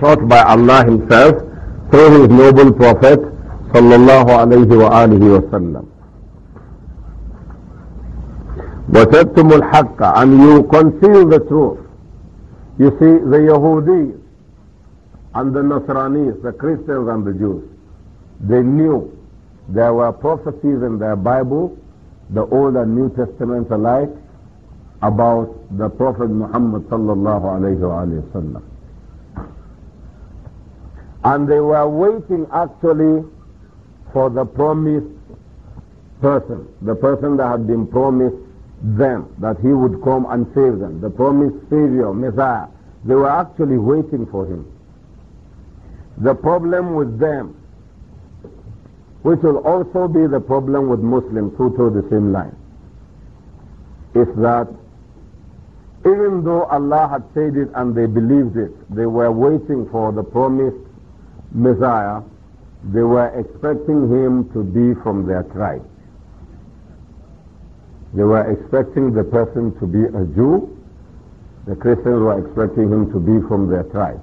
taught by Allah himself through his noble prophet sallallahu alayhi wa alihi wa sallam. وَتَبْتُمُ الْحَقَّ And you conceal the truth. You see, the Yahudis and the Nasranis, the Christians and the Jews, they knew there were prophecies in their Bible, the Old and New Testaments alike, about the Prophet Muhammad sallallahu alayhi wa sallam. And they were waiting actually for the promised person, the person that had been promised them, that he would come and save them, the promised Savior, Messiah. They were actually waiting for him. The problem with them, which will also be the problem with Muslims who told the same line, is that even though Allah had said it and they believed it, they were waiting for the promised Messiah, they were expecting him to be from their tribe. They were expecting the person to be a Jew. The Christians were expecting him to be from their tribe.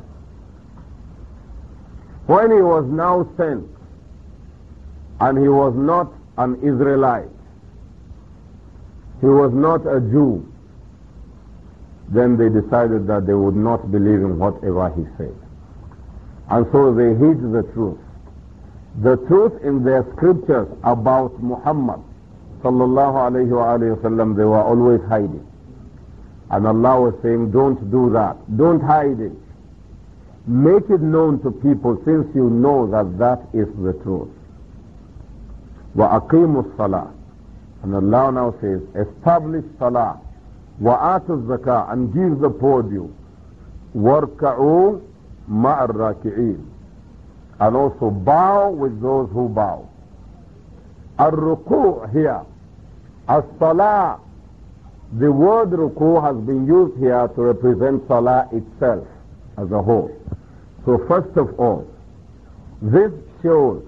When he was now sent, and he was not an Israelite, he was not a Jew, then they decided that they would not believe in whatever he said. And so they hid the truth. The truth in their scriptures about Muhammad sallallahu alayhi wa, sallam, they were always hiding. And Allah was saying, don't do that. Don't hide it. Make it known to people since you know that that is the truth. وَأَقِيمُوا الصَّلَاةِ And Allah now says, establish salah. وَآتُوا الزَّكَاةِ And give the poor due. وَارْكَعُوا مَعَ الرَّاكِعِينَ And also bow with those who bow. الركوع here. الصلاة. The word ruku has been used here to represent salah itself as a whole. So first of all, this shows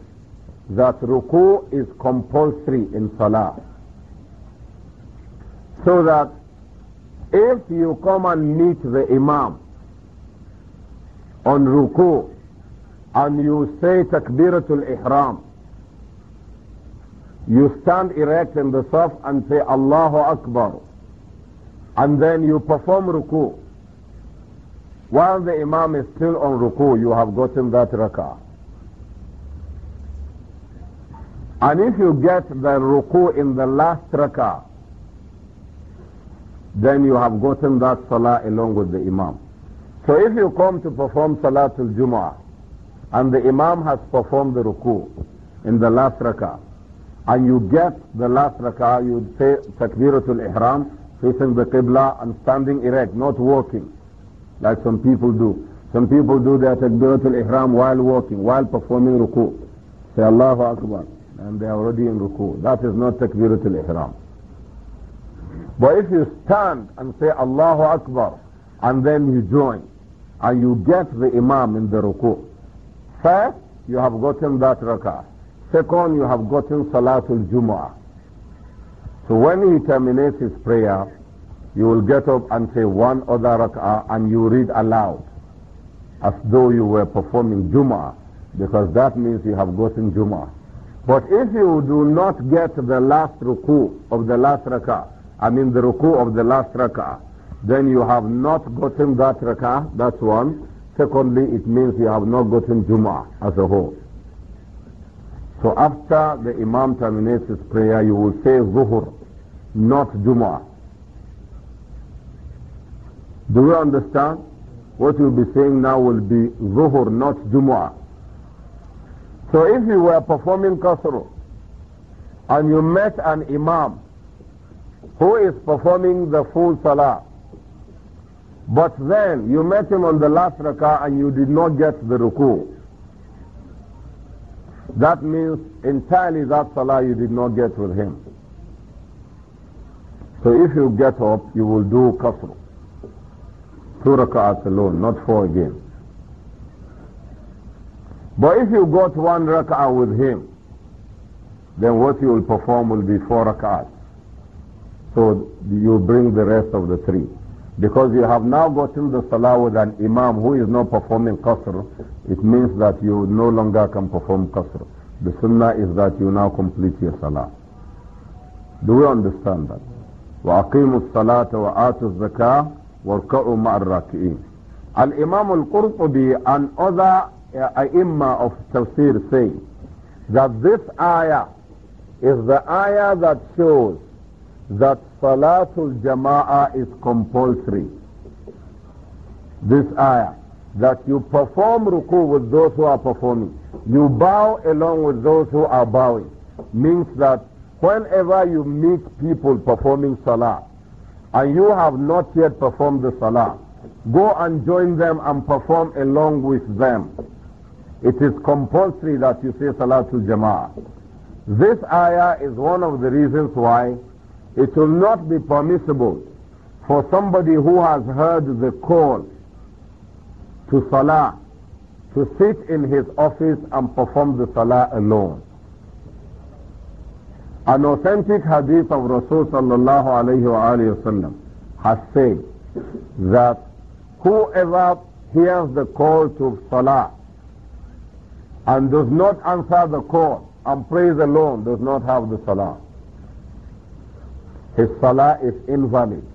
that ruku is compulsory in salah. So that if you come and meet the imam on ruku and you say takbiratul ihram you stand erect in the saf and say Allahu Akbar and then you perform ruku while the imam is still on ruku you have gotten that rak'ah and if you get the ruku in the last rak'ah then you have gotten that salah along with the imam so if you come to perform Salatul jumuah and the Imam has performed the ruku in the last rak'ah and you get the last rak'ah, you would say Takbiratul Ihram facing the Qibla and standing erect, not walking like some people do. Some people do their Takbiratul Ihram while walking, while performing ruku. Say Allahu Akbar and they are already in ruku. That is not Takbiratul Ihram. But if you stand and say Allahu Akbar and then you join, and you get the imam in the ruku. First, you have gotten that rakah. Second, you have gotten Salatul Jumu'ah. So when he terminates his prayer, you will get up and say one other rak'ah and you read aloud as though you were performing Jumu'ah because that means you have gotten Jumu'ah. But if you do not get the last ruku of the last rak'ah, I mean the ruku of the last rak'ah, then you have not gotten that rakah, that's one. Secondly, it means you have not gotten Jum'ah as a whole. So after the Imam terminates his prayer, you will say Zuhur, not Jum'ah. Do you understand? What you'll be saying now will be Zuhur, not Jum'ah. So if you were performing Qasr and you met an Imam who is performing the full Salah, but then you met him on the last rak'ah and you did not get the ruku. That means entirely that salah you did not get with him. So if you get up, you will do kasr. Two rak'ahs alone, not four again. But if you got one rak'ah with him, then what you will perform will be four rak'ahs. So you bring the rest of the three. Because you have now gotten the salah with an imam who is not performing qasr, it means that you no longer can perform qasr. The sunnah is that you now complete your salah. Do we understand that? وأقيموا الصلاة وآتوا الزكاة واركعوا مع الراكعين. Al-Imam al-Qurtubi and other uh, ai of tafsir say that this ayah is the ayah that shows that Salatul Jama'ah is compulsory. This ayah, that you perform ruku with those who are performing, you bow along with those who are bowing, means that whenever you meet people performing salah, and you have not yet performed the salah, go and join them and perform along with them. It is compulsory that you say Salatul Jama'ah. This ayah is one of the reasons why it will not be permissible for somebody who has heard the call to salah to sit in his office and perform the salah alone. An authentic hadith of Rasulullah sallallahu has said that whoever hears the call to salah and does not answer the call and prays alone does not have the salah his salah is invalid.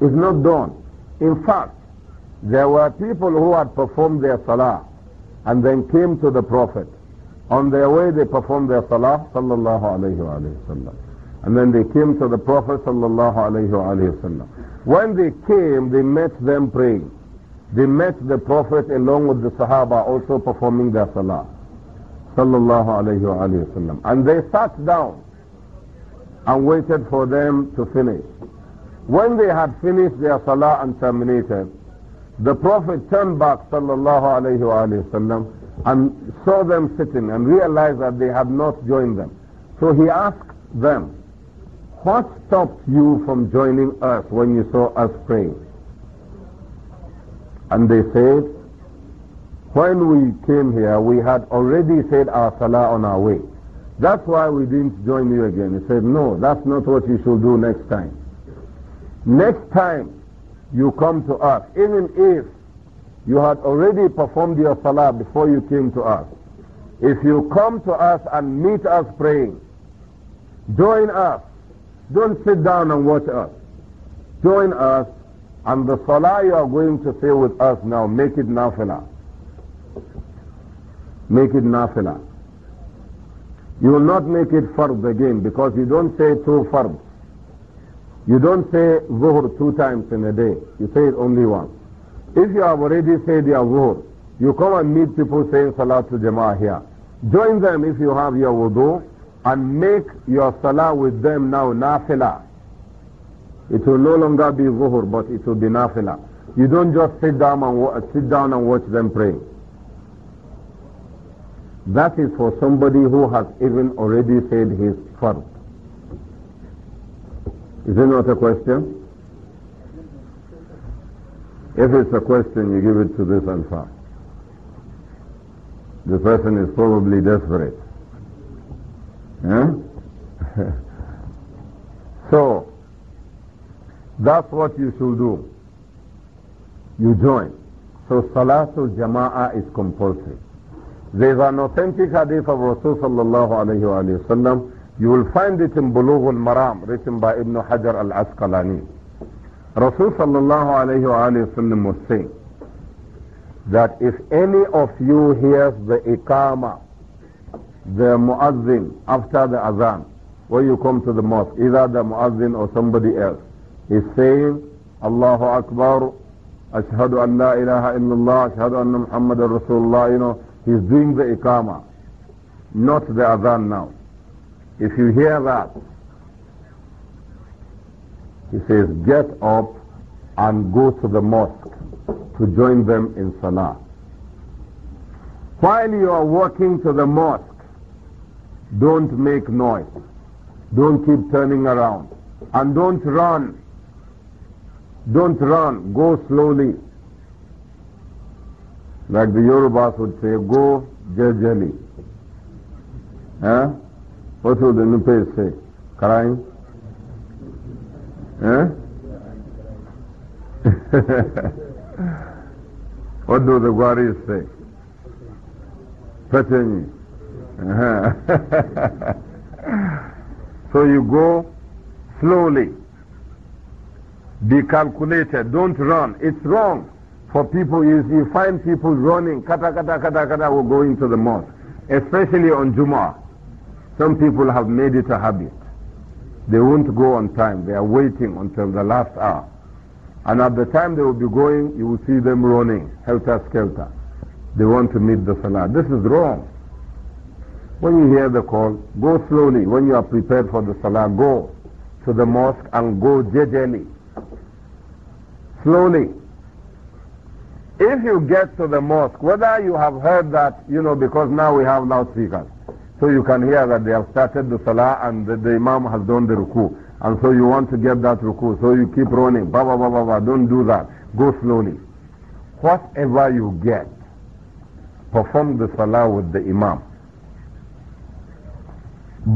It's not done. In fact, there were people who had performed their salah and then came to the Prophet. On their way they performed their salah, sallallahu alayhi wa, sallam. And then they came to the Prophet, sallallahu alayhi wa, sallam. When they came, they met them praying. They met the Prophet along with the Sahaba also performing their salah, sallallahu alayhi wa sallam. And they sat down and waited for them to finish. When they had finished their salah and terminated, the Prophet turned back sallallahu alayhi wasallam, and saw them sitting and realized that they had not joined them. So he asked them, what stopped you from joining us when you saw us praying? And they said, when we came here, we had already said our salah on our way. That's why we didn't join you again. He said, no, that's not what you should do next time. Next time you come to us, even if you had already performed your salah before you came to us, if you come to us and meet us praying, join us. Don't sit down and watch us. Join us and the salah you are going to say with us now, make it nafilah. Make it nafilah. You will not make it fard again because you don't say two fard. You don't say zuhr two times in a day. You say it only once. If you have already said your zuhr, you come and meet people saying salatul jama'ah here. Join them if you have your wudu and make your salah with them now nafilah. It will no longer be Zuhr but it will be nafilah. You don't just sit down and sit down and watch them praying. That is for somebody who has even already said his fard. Is it not a question? If it's a question, you give it to this answer. The person is probably desperate. so, that's what you should do. You join. So Salatul Jama'ah is compulsory. There's an authentic hadith of Rasulullah sallallahu alayhi wa You will find it in Bulugh al-Maram, written by Ibn Hajar al-Asqalani. Rasulullah sallallahu alayhi wa was saying that if any of you hears the ikama, the muazzin after the azan, when you come to the mosque, either the muazzin or somebody else, is saying, Allahu Akbar, Ashhadu an la ilaha illallah, Ashhadu anna Muhammadan Rasulullah, you know, He's doing the ikama, not the adhan now. If you hear that, he says, get up and go to the mosque to join them in salah. While you are walking to the mosque, don't make noise. Don't keep turning around. And don't run. Don't run. Go slowly. Like the Yorubas would say, go jejeli. Eh? What would the Nupes say? Crying? Eh? What do the Gwaris say? Petany. so you go slowly. Be calculated. Don't run. It's wrong for people you find people running, kata kata kata kata, will go into the mosque, especially on Jumu'ah. Some people have made it a habit. They won't go on time. They are waiting until the last hour. And at the time they will be going, you will see them running, helter skelter. They want to meet the salah. This is wrong. When you hear the call, go slowly. When you are prepared for the salah, go to the mosque and go jejeli. Slowly. If you get to the mosque, whether you have heard that, you know, because now we have loudspeakers, so you can hear that they have started the salah and the, the imam has done the ruku. And so you want to get that ruku, so you keep running, ba ba ba ba ba, don't do that, go slowly. Whatever you get, perform the salah with the imam.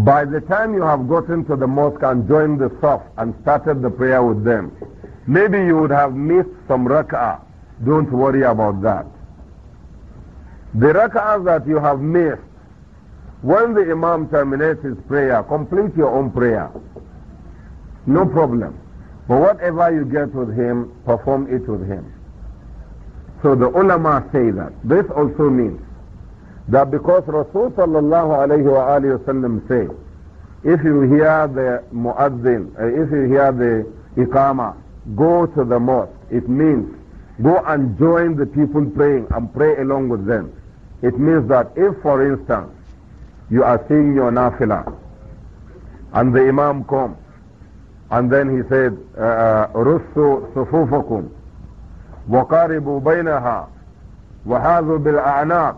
By the time you have gotten to the mosque and joined the saf and started the prayer with them, maybe you would have missed some rak'ah don't worry about that. The rak'ahs that you have missed, when the imam terminates his prayer, complete your own prayer. No problem. But whatever you get with him, perform it with him. So the ulama say that. This also means that because Rasulullah sallallahu say, if you hear the muazzin, uh, if you hear the ikama, go to the mosque. It means Go and join the people praying and pray along with them. It means that if, for instance, you are seeing your nafila and the imam comes and then he said, رُسُّوا صُفُوفَكُمْ وَقَارِبُوا بَيْنَهَا bil anak,"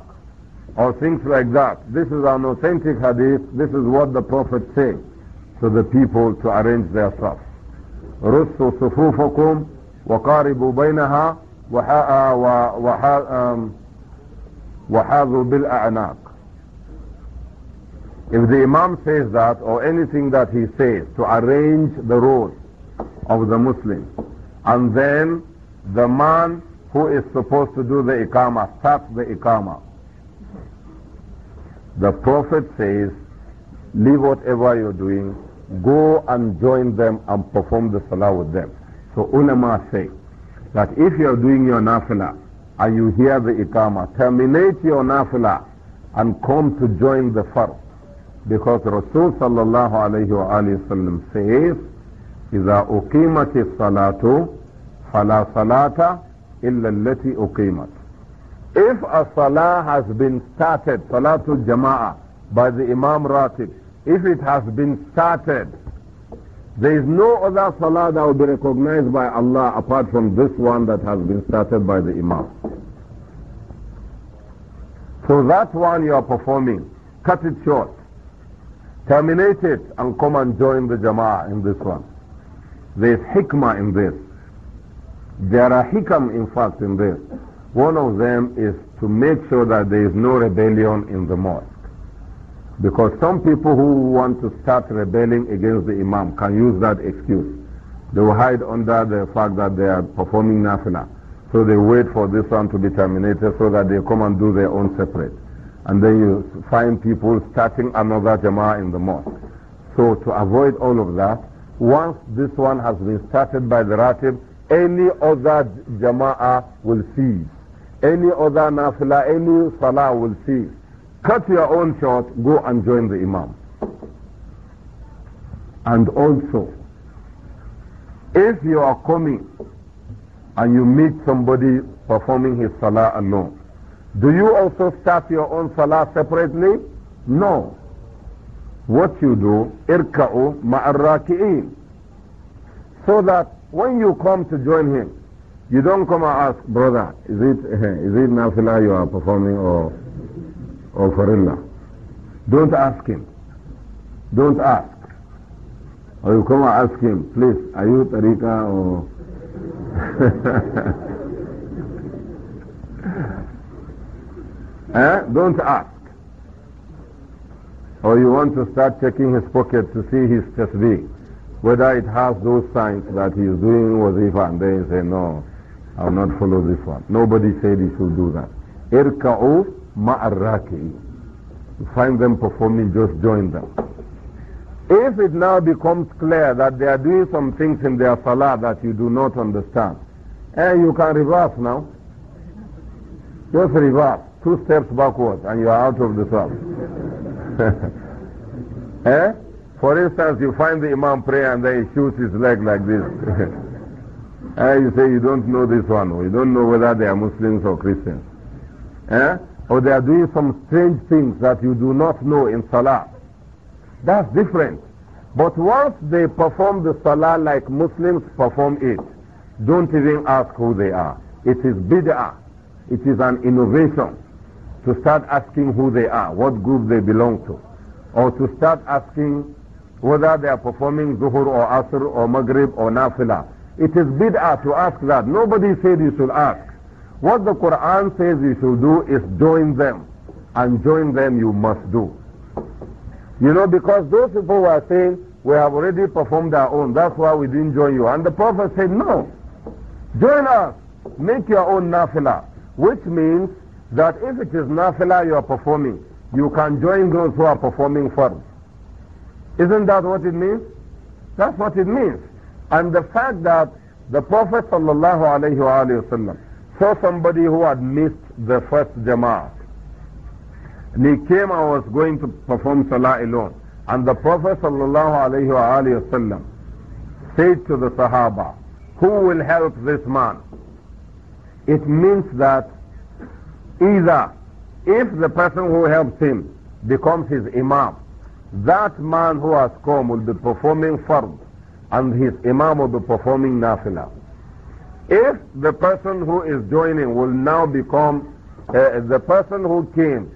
or things like that. This is an authentic hadith. This is what the Prophet said to the people to arrange their stuff. رُسُّوا صُفُوفَكُمْ وَقَارِبُوا بَيْنَهَا وحاذوا بالأعناق if the Imam says that or anything that he says to arrange the role of the Muslim, and then the man who is supposed to do the Iqamah starts the Iqamah the Prophet says leave whatever you're doing go and join them and perform the Salah with them so ulama say that if you're doing your nafila and you hear the ikama, terminate your nafila and come to join the fard. Because Rasul sallallahu alayhi wa sallam says, إِذَا أُقِيمَتِ الصَّلَاةُ فَلَا صَلَاةَ إِلَّا الَّتِي أُقِيمَتْ If a salah has been started, salatul jama'ah, by the Imam Ratib, if it has been started there is no other salah that will be recognized by Allah apart from this one that has been started by the Imam. So that one you are performing, cut it short. Terminate it and come and join the Jama'ah in this one. There is hikmah in this. There are hikam in fact in this. One of them is to make sure that there is no rebellion in the mosque. Because some people who want to start rebelling against the Imam can use that excuse. They will hide under the fact that they are performing nafila. So they wait for this one to be terminated so that they come and do their own separate. And then you find people starting another jama'ah in the mosque. So to avoid all of that, once this one has been started by the ratib, any other jama'ah will cease. Any other nafila, any salah will cease. Cut your own short, go and join the Imam. And also, if you are coming and you meet somebody performing his salah alone, do you also start your own salah separately? No. What you do, irka'u ma'arraki'in. So that when you come to join him, you don't come and ask, brother, is it, is it nafila you are performing or or Farilla. Don't ask him. Don't ask. Or you come and ask him, please, are you Tariqa or... eh? Don't ask. Or you want to start checking his pocket to see his tasbih, whether it has those signs that he is doing wazifa and then you say, no, I will not follow this one. Nobody said he should do that. Irka'u ma'arraki. You find them performing, just join them. If it now becomes clear that they are doing some things in their salah that you do not understand, eh, you can reverse now. Just reverse, two steps backwards, and you are out of the salah. eh? For instance, you find the Imam pray and then he shoots his leg like this. Eh? you say, you don't know this one, you don't know whether they are Muslims or Christians. Eh? or they are doing some strange things that you do not know in Salah. That's different. But once they perform the Salah like Muslims perform it, don't even ask who they are. It is bid'ah. It is an innovation to start asking who they are, what group they belong to, or to start asking whether they are performing Zuhur or Asr or Maghrib or Nafila. It is bid'ah to ask that. Nobody said you should ask. What the Quran says you should do is join them. And join them you must do. You know, because those people were saying, we have already performed our own. That's why we didn't join you. And the Prophet said, no. Join us. Make your own nafila. Which means that if it is nafila you are performing, you can join those who are performing farz. Isn't that what it means? That's what it means. And the fact that the Prophet sallallahu alayhi wa saw somebody who had missed the first Jama'ah. And he came and was going to perform Salah alone. And the Prophet wasallam said to the Sahaba, who will help this man? It means that either if the person who helps him becomes his imam, that man who has come will be performing fard and his imam will be performing nafilah. If the person who is joining will now become uh, the person who came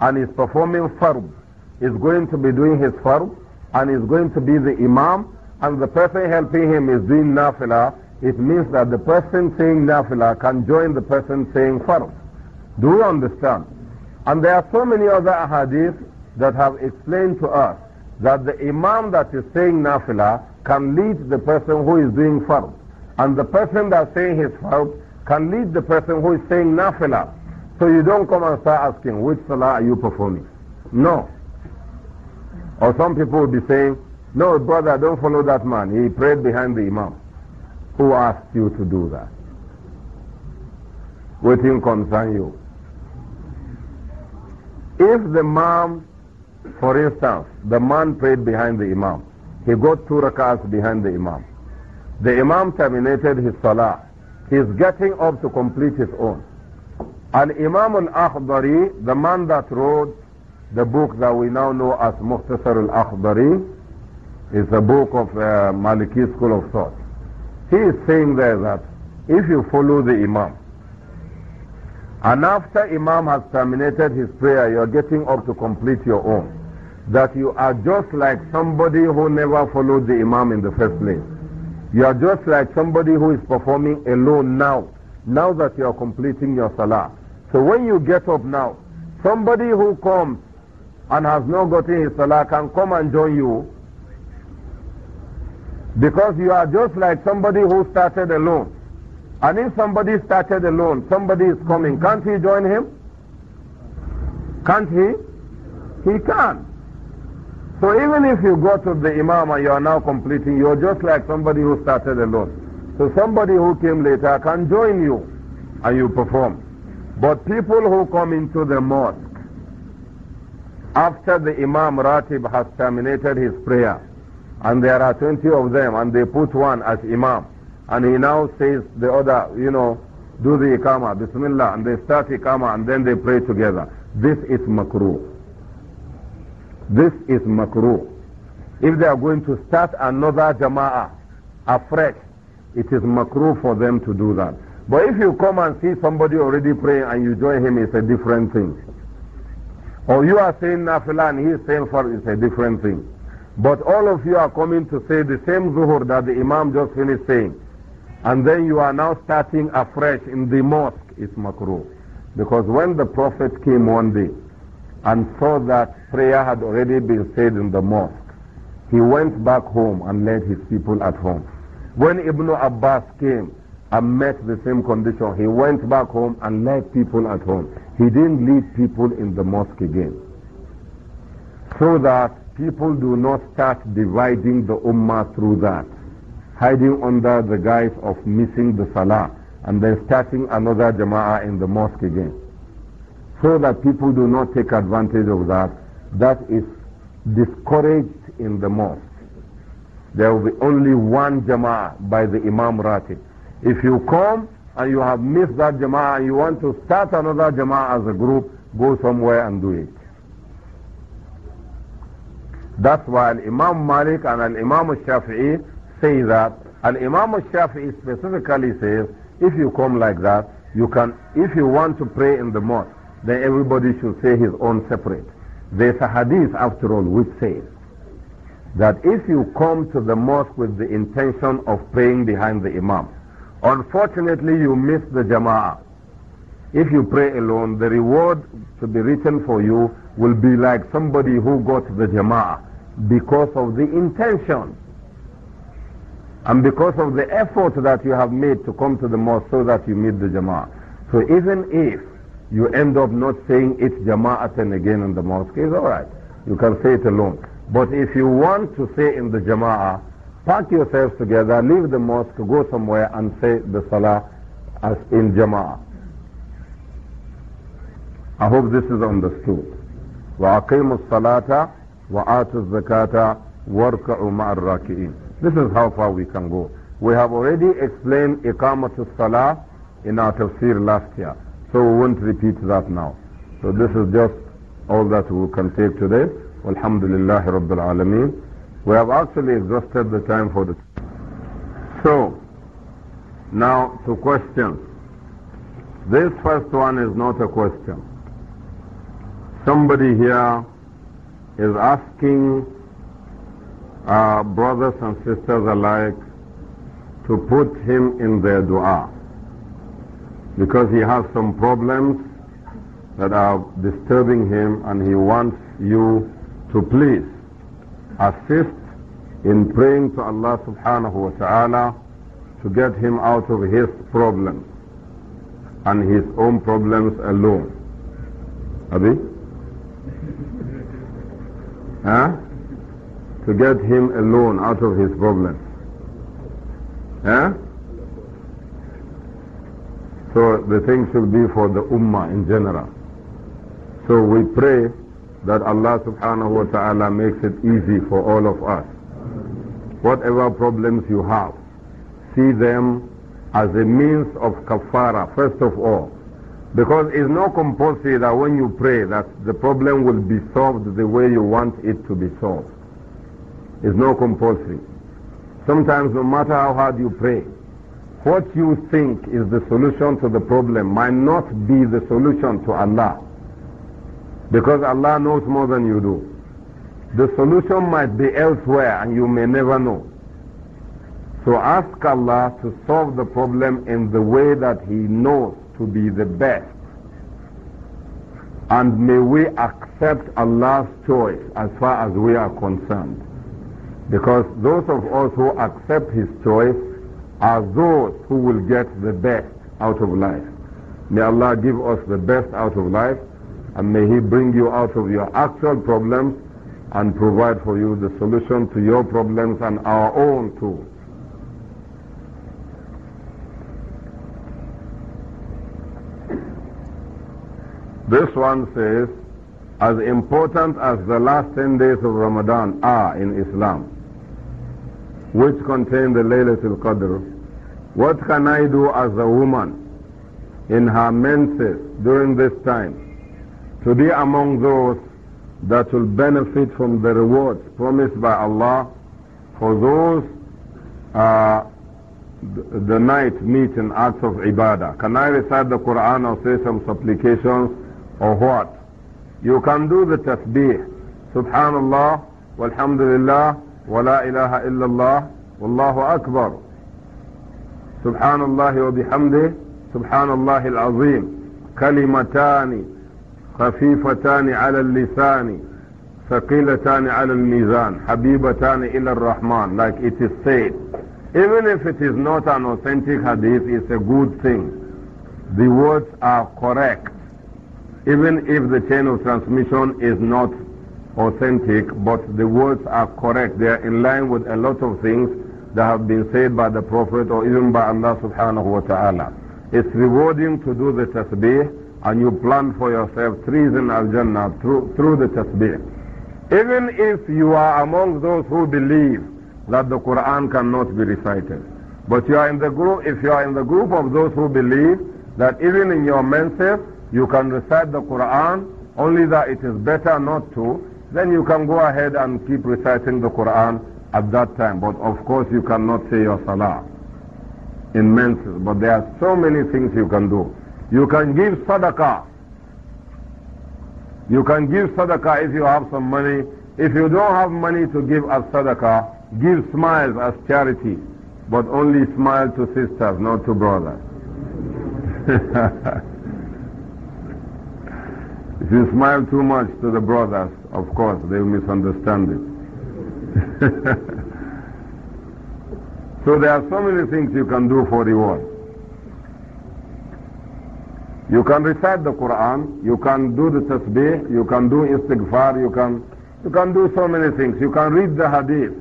and is performing farb, is going to be doing his farb and is going to be the imam, and the person helping him is doing nafilah, it means that the person saying nafilah can join the person saying farb. Do you understand? And there are so many other ahadith that have explained to us that the imam that is saying nafilah can lead the person who is doing farb. And the person that's saying his fard can lead the person who is saying nafilah. So you don't come and start asking, which salah are you performing? No. Or some people will be saying, no, brother, don't follow that man. He prayed behind the imam. Who asked you to do that? What him concern you? If the imam, for instance, the man prayed behind the imam, he got two rakats behind the imam. The Imam terminated his salah. He's getting up to complete his own. And imam al-Akhdari, the man that wrote the book that we now know as Muhtasar al-Akhdari, is a book of uh, Maliki school of thought. He is saying there that if you follow the Imam, and after Imam has terminated his prayer, you are getting up to complete your own. That you are just like somebody who never followed the Imam in the first place. You are just like somebody who is performing alone now, now that you are completing your salah. So when you get up now, somebody who comes and has not gotten his salah can come and join you because you are just like somebody who started alone. And if somebody started alone, somebody is coming, can't he join him? Can't he? He can. So even if you go to the imam and you are now completing, you're just like somebody who started alone. So somebody who came later can join you and you perform. But people who come into the mosque after the imam ratib has terminated his prayer and there are 20 of them and they put one as imam and he now says the other, you know, do the ikama, bismillah, and they start ikama and then they pray together. This is makruh. This is makruh. If they are going to start another jama'ah afresh, it is makruh for them to do that. But if you come and see somebody already praying and you join him, it's a different thing. Or you are saying nafila and he is saying for it's a different thing. But all of you are coming to say the same zuhur that the imam just finished saying. And then you are now starting afresh in the mosque. It's makruh. Because when the Prophet came one day, and saw that prayer had already been said in the mosque, he went back home and led his people at home. When Ibn Abbas came and met the same condition, he went back home and led people at home. He didn't lead people in the mosque again. So that people do not start dividing the ummah through that, hiding under the guise of missing the salah and then starting another jama'ah in the mosque again so that people do not take advantage of that, that is discouraged in the mosque. There will be only one jama'ah by the Imam Rati. If you come and you have missed that jama'ah and you want to start another jama'ah as a group, go somewhere and do it. That's why Imam Malik and Imam Shafi'i say that. And Imam Shafi'i specifically says, if you come like that, you can, if you want to pray in the mosque, then everybody should say his own separate. There's a hadith, after all, which says that if you come to the mosque with the intention of praying behind the imam, unfortunately you miss the jama'ah. If you pray alone, the reward to be written for you will be like somebody who got the jama'ah because of the intention and because of the effort that you have made to come to the mosque so that you meet the jama'ah. So even if you end up not saying it jama'atan again in the mosque, it's alright. You can say it alone. But if you want to say in the jama'ah, pack yourselves together, leave the mosque, go somewhere and say the salah as in jama'ah. I hope this is understood. وَأَقِيمُوا الصَّلَاةَ وَآتُوا الزَّكَاةَ وَارْكَعُوا مَعَ الرَّاكِئِينَ This is how far we can go. We have already explained iqamatul salah in our tafsir last year. So we won't repeat that now. So this is just all that we can take today. Alhamdulillah Rabbil Alameen. We have actually exhausted the time for the... So, now to questions. This first one is not a question. Somebody here is asking uh, brothers and sisters alike to put him in their dua because he has some problems that are disturbing him and he wants you to please assist in praying to Allah subhanahu wa ta'ala to get him out of his problems and his own problems alone. Abi? Huh? To get him alone out of his problems. Huh? So the thing should be for the ummah in general. So we pray that Allah subhanahu wa ta'ala makes it easy for all of us. Whatever problems you have, see them as a means of kafara, first of all. Because it's not compulsory that when you pray that the problem will be solved the way you want it to be solved. It's not compulsory. Sometimes no matter how hard you pray, what you think is the solution to the problem might not be the solution to Allah. Because Allah knows more than you do. The solution might be elsewhere and you may never know. So ask Allah to solve the problem in the way that He knows to be the best. And may we accept Allah's choice as far as we are concerned. Because those of us who accept His choice are those who will get the best out of life. May Allah give us the best out of life and may He bring you out of your actual problems and provide for you the solution to your problems and our own too. This one says, as important as the last 10 days of Ramadan are in Islam, which contain the Laylatul Qadr, what can I do as a woman in her menses during this time to be among those that will benefit from the rewards promised by Allah for those uh, the night meeting acts of ibadah. Can I recite the Quran or say some supplications or what? You can do the tasbih. Subhanallah, walhamdulillah, ولا إله إلا الله والله أكبر سبحان الله وبحمده سبحان الله العظيم كلمتان خفيفتان على اللسان ثقيلتان على الميزان حبيبتان إلى الرحمن like it is said even if it is not an authentic hadith it's a good thing the words are correct even if the chain of transmission is not authentic, but the words are correct. They are in line with a lot of things that have been said by the Prophet or even by Allah subhanahu wa ta'ala. It's rewarding to do the tasbih and you plan for yourself trees in Al-Jannah through, through the tasbih. Even if you are among those who believe that the Quran cannot be recited, but you are in the group, if you are in the group of those who believe that even in your menses you can recite the Quran, only that it is better not to, then you can go ahead and keep reciting the Quran at that time. But of course, you cannot say your salah in menses. But there are so many things you can do. You can give sadaqah. You can give sadaqah if you have some money. If you don't have money to give as sadaqah, give smiles as charity. But only smile to sisters, not to brothers. if you smile too much to the brothers, of course, they'll misunderstand it. so there are so many things you can do for reward. You can recite the Quran, you can do the tasbih, you can do istighfar, you can, you can do so many things. You can read the hadith,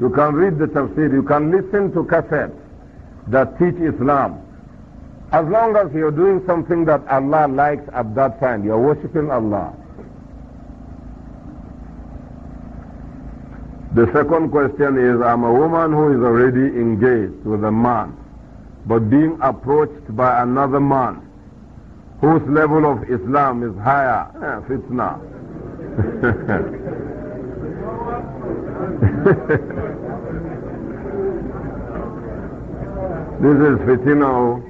you can read the tafsir, you can listen to cassettes that teach Islam. As long as you're doing something that Allah likes at that time, you're worshipping Allah. The second question is, I'm a woman who is already engaged with a man, but being approached by another man whose level of Islam is higher. Fitnah. Eh, fitna. this is fitnah.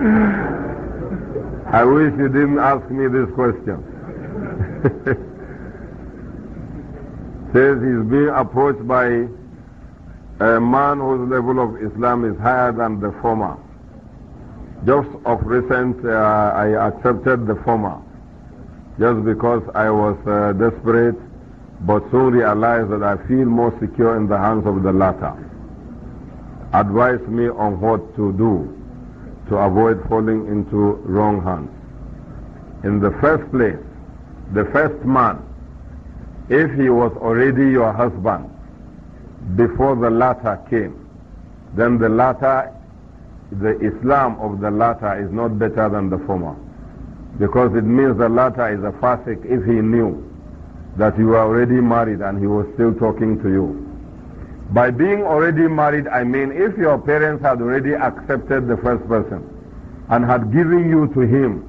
Oh. I wish you didn't ask me this question. Says he's being approached by a man whose level of Islam is higher than the former. Just of recent, uh, I accepted the former just because I was uh, desperate, but soon realized that I feel more secure in the hands of the latter. Advise me on what to do to avoid falling into wrong hands. In the first place, the first man, if he was already your husband before the latter came, then the latter, the Islam of the latter is not better than the former. Because it means the latter is a fasik if he knew that you were already married and he was still talking to you. By being already married, I mean if your parents had already accepted the first person and had given you to him,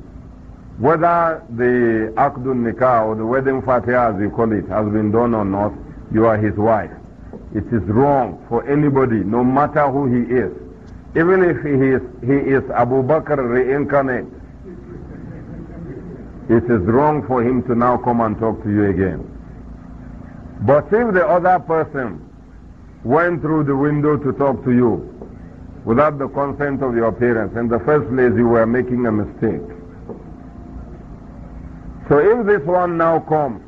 whether the Akdun Nikah or the wedding fatia, as you call it, has been done or not, you are his wife. It is wrong for anybody, no matter who he is, even if he is, he is Abu Bakr reincarnate, it is wrong for him to now come and talk to you again. But if the other person went through the window to talk to you without the consent of your parents. In the first place, you were making a mistake. So if this one now comes,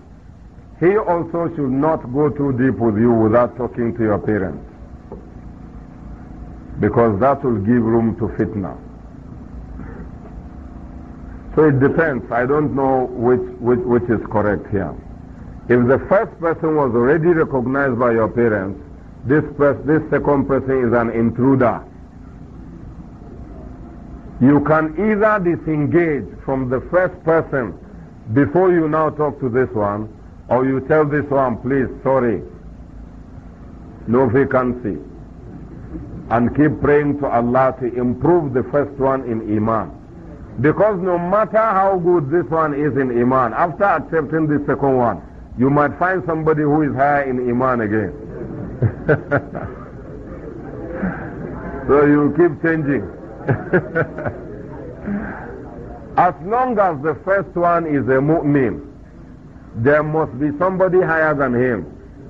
he also should not go too deep with you without talking to your parents. Because that will give room to fitna. So it depends. I don't know which, which, which is correct here. If the first person was already recognized by your parents, this, person, this second person is an intruder. You can either disengage from the first person before you now talk to this one, or you tell this one, please, sorry, no vacancy. And keep praying to Allah to improve the first one in Iman. Because no matter how good this one is in Iman, after accepting the second one, you might find somebody who is higher in Iman again. so you keep changing. as long as the first one is a mu'min, there must be somebody higher than him.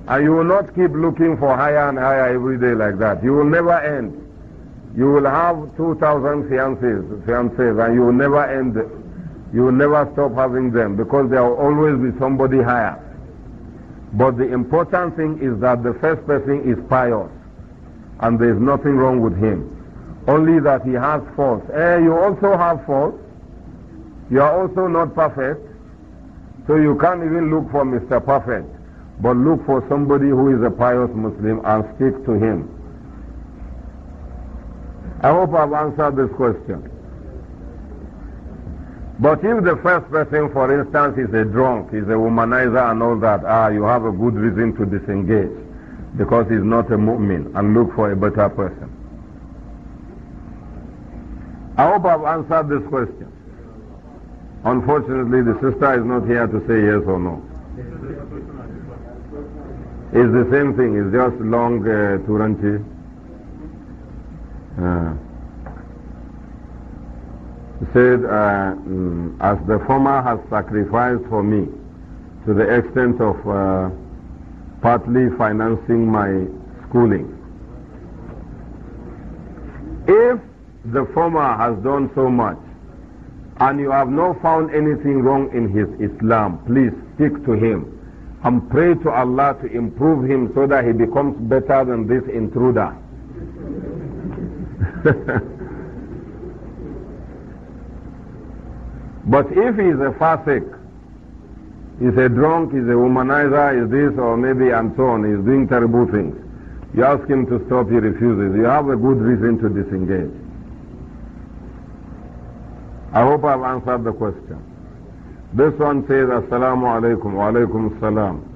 And you will not keep looking for higher and higher every day like that. You will never end. You will have 2,000 fiancés, fiancés, and you will never end. You will never stop having them because there will always be somebody higher. But the important thing is that the first person is pious and there is nothing wrong with him. Only that he has faults. Eh, you also have faults. You are also not perfect. So you can't even look for Mr. Perfect. But look for somebody who is a pious Muslim and speak to him. I hope I've answered this question. But if the first person, for instance, is a drunk, is a womanizer and all that, ah, you have a good reason to disengage because he's not a mu'min and look for a better person. I hope I've answered this question. Unfortunately, the sister is not here to say yes or no. It's the same thing, it's just long uh, Turanchi. Uh. Ah said, uh, mm, as the former has sacrificed for me to the extent of uh, partly financing my schooling. If the former has done so much and you have not found anything wrong in his Islam, please stick to him and pray to Allah to improve him so that he becomes better than this intruder. But if he's a fasik, he's a drunk, he's a womanizer, is this or maybe and so on, he's doing terrible things. You ask him to stop, he refuses. You have a good reason to disengage. I hope I've answered the question. This one says, Assalamu alaikum wa alaikum salam.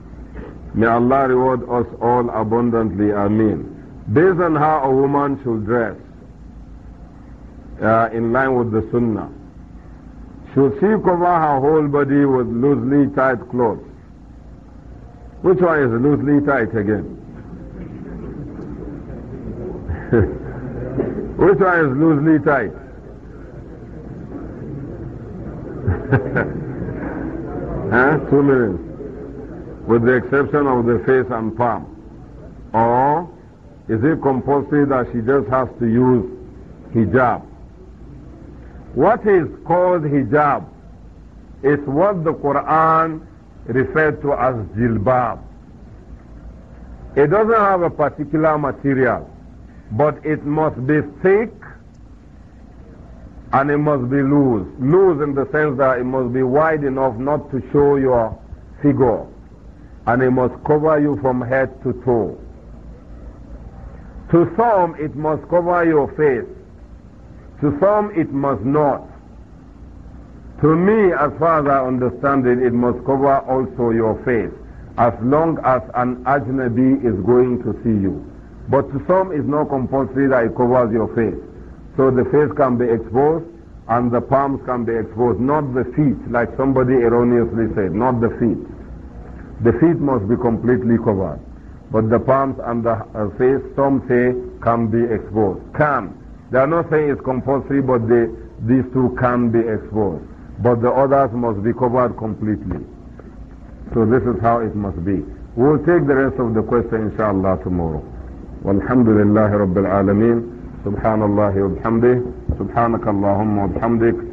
May Allah reward us all abundantly. Ameen. Based on how a woman should dress, uh, in line with the sunnah, should she cover her whole body with loosely tied clothes? Which one is loosely tight again? Which one is loosely tight? huh? Two minutes. With the exception of the face and palm. Or is it compulsory that she just has to use hijab? What is called hijab is what the Quran referred to as jilbab. It doesn't have a particular material, but it must be thick and it must be loose. Loose in the sense that it must be wide enough not to show your figure and it must cover you from head to toe. To some, it must cover your face. To some it must not. To me, as far as I understand it, it must cover also your face, as long as an ajnabi is going to see you. But to some, it's not compulsory that it covers your face. So the face can be exposed and the palms can be exposed, not the feet, like somebody erroneously said, not the feet. The feet must be completely covered. But the palms and the uh, face, some say, can be exposed. Can. They are not saying it's compulsory, but they, these two can be exposed. But the others must be covered completely. So this is how it must be. We'll take the rest of the question, inshallah, tomorrow. والحمد لله رب العالمين سبحان الله وبحمده سبحانك